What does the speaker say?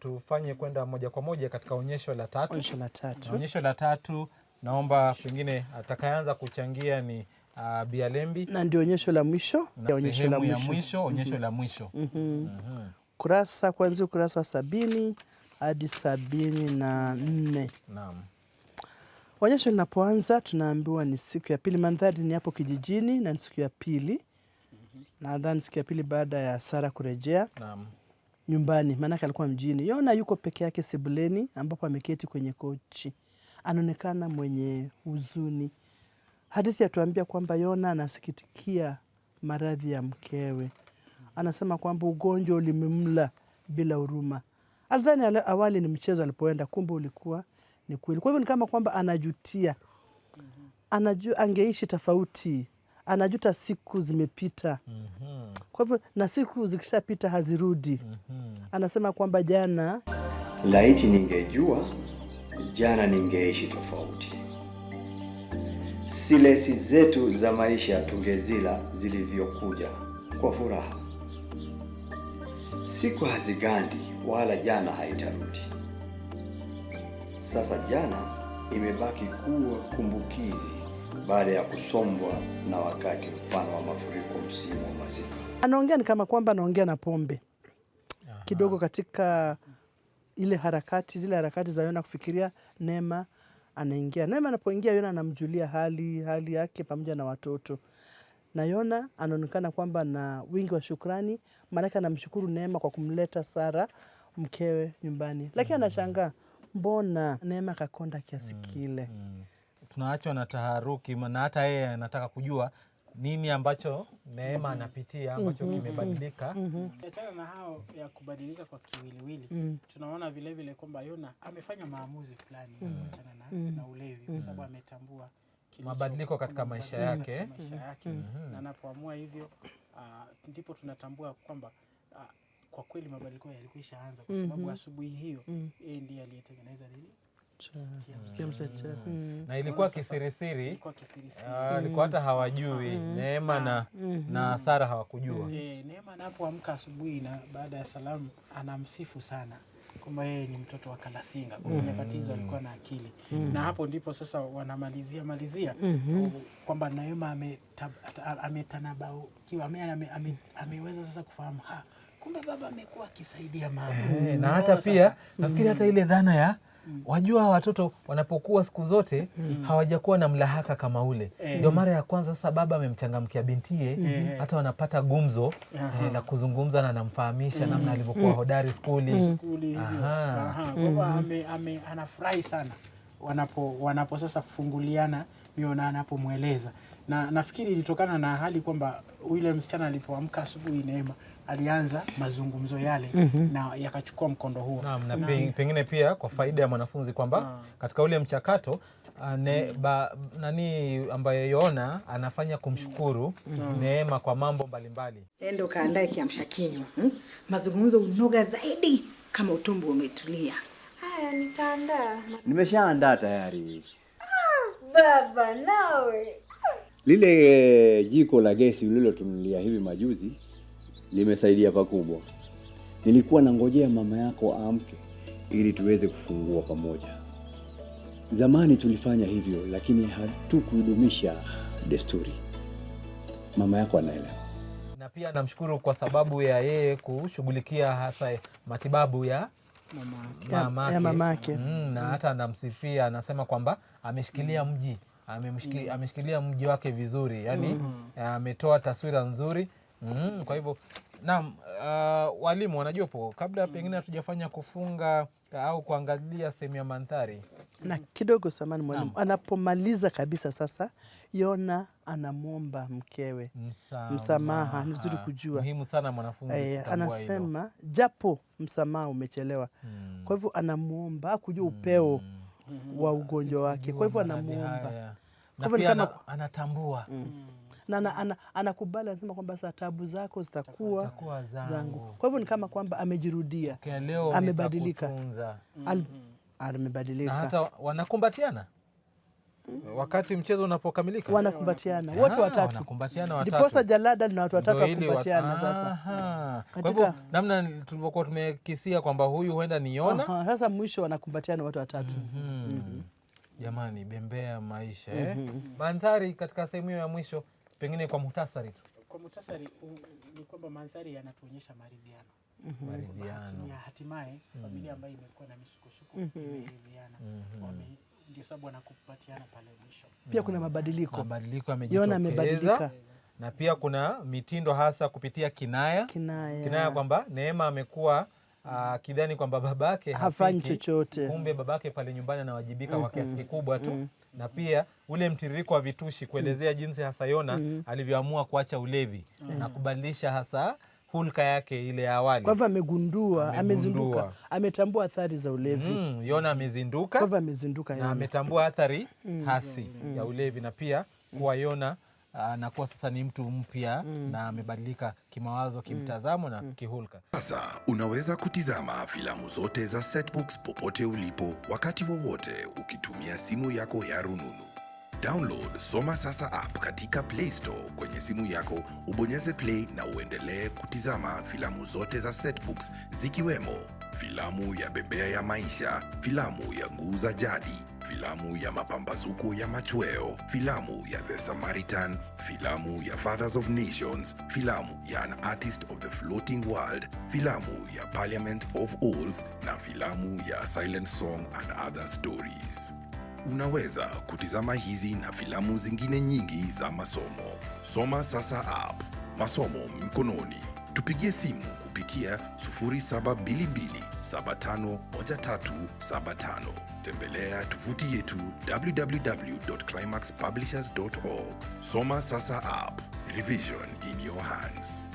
tufanye kwenda moja kwa moja katika onyesho la tatu. Onyesho la tatu, Na onyesho la tatu naomba pengine atakayeanza kuchangia ni uh, Bialembi na ndio onyesho la mwisho na onyesho la mwisho, mwisho onyesho mm -hmm. la mwisho mm -hmm. uh -huh. kurasa kuanzia ukurasa wa sabini hadi sabini na nne. Naam. Onyesho linapoanza tunaambiwa ni siku ya pili, mandhari ni hapo kijijini na ni siku ya pili, mhm. nadhani siku ya pili baada ya Sara kurejea. Naam nyumbani, maanake alikuwa mjini. Yona yuko peke yake sebuleni, ambapo ameketi kwenye kochi, anaonekana mwenye huzuni. Hadithi yatuambia kwamba Yona anasikitikia maradhi ya mkewe. Anasema kwamba ugonjwa ulimemla bila huruma. Alidhani awali ni mchezo alipoenda, kumbe ulikuwa ni kweli. Kwa hivyo ni kama kwamba anajutia, anajua angeishi tofauti, anajuta siku zimepita. mm -hmm. Kwa hivyo na siku zikishapita hazirudi. mm -hmm. Anasema kwamba jana, laiti ningejua jana ningeishi tofauti. Silesi zetu za maisha tungezila zilivyokuja kwa furaha. Siku hazigandi wala jana haitarudi. Sasa jana imebaki kuwa kumbukizi baada ya kusombwa na wakati mfano wa mafuriko msimu wa masika. Anaongea ni kama kwamba anaongea na pombe Aha. kidogo katika ile harakati zile harakati za Yona kufikiria Neema anaingia. Neema anapoingia, Yona anamjulia hali hali yake pamoja na watoto, na Yona anaonekana kwamba na wingi wa shukrani, maanake anamshukuru Neema kwa kumleta Sara mkewe nyumbani, lakini mm. anashangaa mbona Neema kakonda kiasi mm. kile mm. mm tunaachwa na taharuki, na hata yeye anataka kujua nini ambacho Neema mhm. anapitia ambacho mm -hmm. kimebadilika. mm -hmm. na hao ya kubadilika kwa kiwiliwili mm -hmm. tunaona vilevile kwamba Yona amefanya maamuzi fulani mm -hmm. mm -hmm. na ulevi kwa mm. sababu ametambua mabadiliko katika mm, maisha yake, katika maisha yake. Mm -hmm. na anapoamua hivyo uh, ndipo tunatambua kwamba uh, kwa kweli mabadiliko yalikuisha kwa mm-hmm. sababu mm -hmm. asubuhi hiyo mm -hmm. ndiye aliyetengeneza nini Mm. Mm. na ilikuwa kisirisiri, alikuwa ah, hata hawajui mm. Neema na mm-hmm. na Sara hawakujua. Eh, Neema anapoamka asubuhi na baada ya salamu anamsifu sana kwamba yeye ni mtoto wa Kalasinga, mwenye tatizo alikuwa na akili mm. na hapo ndipo sasa wanamalizia malizia mm -hmm. kwamba Neema ametanabaukiwa ame, ame, ameweza sasa kufahamu kumbe baba amekuwa akisaidia mama e, na hata pia nafikiri hata ile dhana ya mm. Wajua watoto wanapokuwa siku zote mm. hawajakuwa na mlahaka kama ule eh. ndio mm. mara ya kwanza sasa baba amemchangamkia bintie mm. hata eh. wanapata gumzo eh, la kuzungumza na anamfahamisha mm. namna alivyokuwa mm. hodari skuli mm. mm. anafurahi sana wanapo wanapo sasa kufunguliana mio na anapomweleza, na nafikiri ilitokana na hali kwamba yule msichana alipoamka asubuhi Neema alianza mazungumzo yale mm -hmm. na yakachukua mkondo huo na, na, na pengine pia kwa faida ya mwanafunzi kwamba ah. katika ule mchakato ane, ah, ba, nani ambaye Yona anafanya kumshukuru mm. Neema kwa mambo mbalimbali. Endo kaandae kiamsha kinywa hmm? mazungumzo unoga zaidi kama utumbo umetulia. Haya, nitaandaa. Nimeshaandaa tayari. Ah, baba nawe lile jiko la gesi ulilotunulia hivi majuzi limesaidia pakubwa. Nilikuwa nangojea mama yako amke ili tuweze kufungua pamoja. Zamani tulifanya hivyo, lakini hatukudumisha desturi. Mama yako anaelewa, na pia namshukuru kwa sababu ya yeye kushughulikia hasa matibabu ya mamake mama mm, na hata anamsifia, anasema kwamba ameshikilia mji amemshiki, ameshikilia mji wake vizuri, yani mm-hmm. ametoa taswira nzuri Mm, kwa hivyo naam, uh, walimu wanajopo kabla mm. pengine hatujafanya kufunga uh, au kuangalia sehemu ya mandhari na kidogo samani mwalimu anapomaliza kabisa sasa, Yona anamwomba mkewe msamaha, msamaha. Ni vizuri kujua, muhimu sana mwanafunzi e, anasema ilo. japo msamaha umechelewa mm. kwa hivyo anamwomba kujua upeo mm. wa ugonjwa wake, kwa hivyo anamwomba, kwa hivyo anatambua hmm na anakubali, anasema kwamba sasa taabu zako zitakuwa zangu. Kwa hivyo ni kama kwamba amejirudia, amebadilika, mm-hmm. amebadilika. Hata wanakumbatiana mm-hmm. wakati mchezo unapokamilika, wanakumbatiana wote ah, watatu, ndiposa jalada lina watu watatu wakumbatiana. Sasa kwa hivyo namna tulivyokuwa tumekisia kwamba huyu huenda niona, sasa mwisho wanakumbatiana watu watatu. Mm-hmm. Jamani, bembea maisha eh. Mandhari katika sehemu hiyo ya mwisho pengine kwa muhtasari tu. Kwa muhtasari ni kwamba mandhari yanatuonyesha maridhiano mhm. maridhiano hatimaye, mhm. familia ambayo imekuwa na misukosuko mhm. imeridhiana, ndio sababu wanakupatiana pale mwisho. Pia kuna mabadiliko, mabadiliko yamejitokeza na pia kuna mitindo hasa kupitia kinaya kinaya, kinaya kwamba Neema amekuwa Uh, ah, kidhani kwamba babake hafanyi chochote, kumbe babake pale nyumbani anawajibika mm -hmm. kwa kiasi kikubwa tu mm -hmm na pia ule mtiririko wa vitushi kuelezea jinsi hasa Yona mm. alivyoamua kuacha ulevi mm. na kubadilisha hasa hulka yake ile ya awali. Kwa hivyo amegundua, amezinduka, ametambua athari za ulevi mm. Yona amezinduka, kwa hivyo amezinduka na ametambua athari mm. hasi mm. ya ulevi na pia kuwa Yona anakuwa ah, sasa ni mtu mpya mm. na amebadilika kimawazo, mm. kimtazamo mm. na mm. kihulka. Sasa unaweza kutizama filamu zote za Setbox popote ulipo wakati wowote wa ukitumia simu yako ya rununu. Download Soma Sasa app katika Play Store kwenye simu yako, ubonyeze play na uendelee kutizama filamu zote za Setbox zikiwemo filamu ya Bembea ya Maisha, filamu ya Nguu za Jadi, filamu ya mapambazuko ya machweo, filamu ya The Samaritan, filamu ya Fathers of Nations, filamu ya An Artist of the Floating World, filamu ya Parliament of Owls na filamu ya Silent Song and Other Stories. Unaweza kutizama hizi na filamu zingine nyingi za masomo. Soma sasa app, masomo mkononi. Tupigie simu kupitia 0722751375. Tembelea tovuti yetu www.climaxpublishers.org. Soma sasa app Revision in your hands.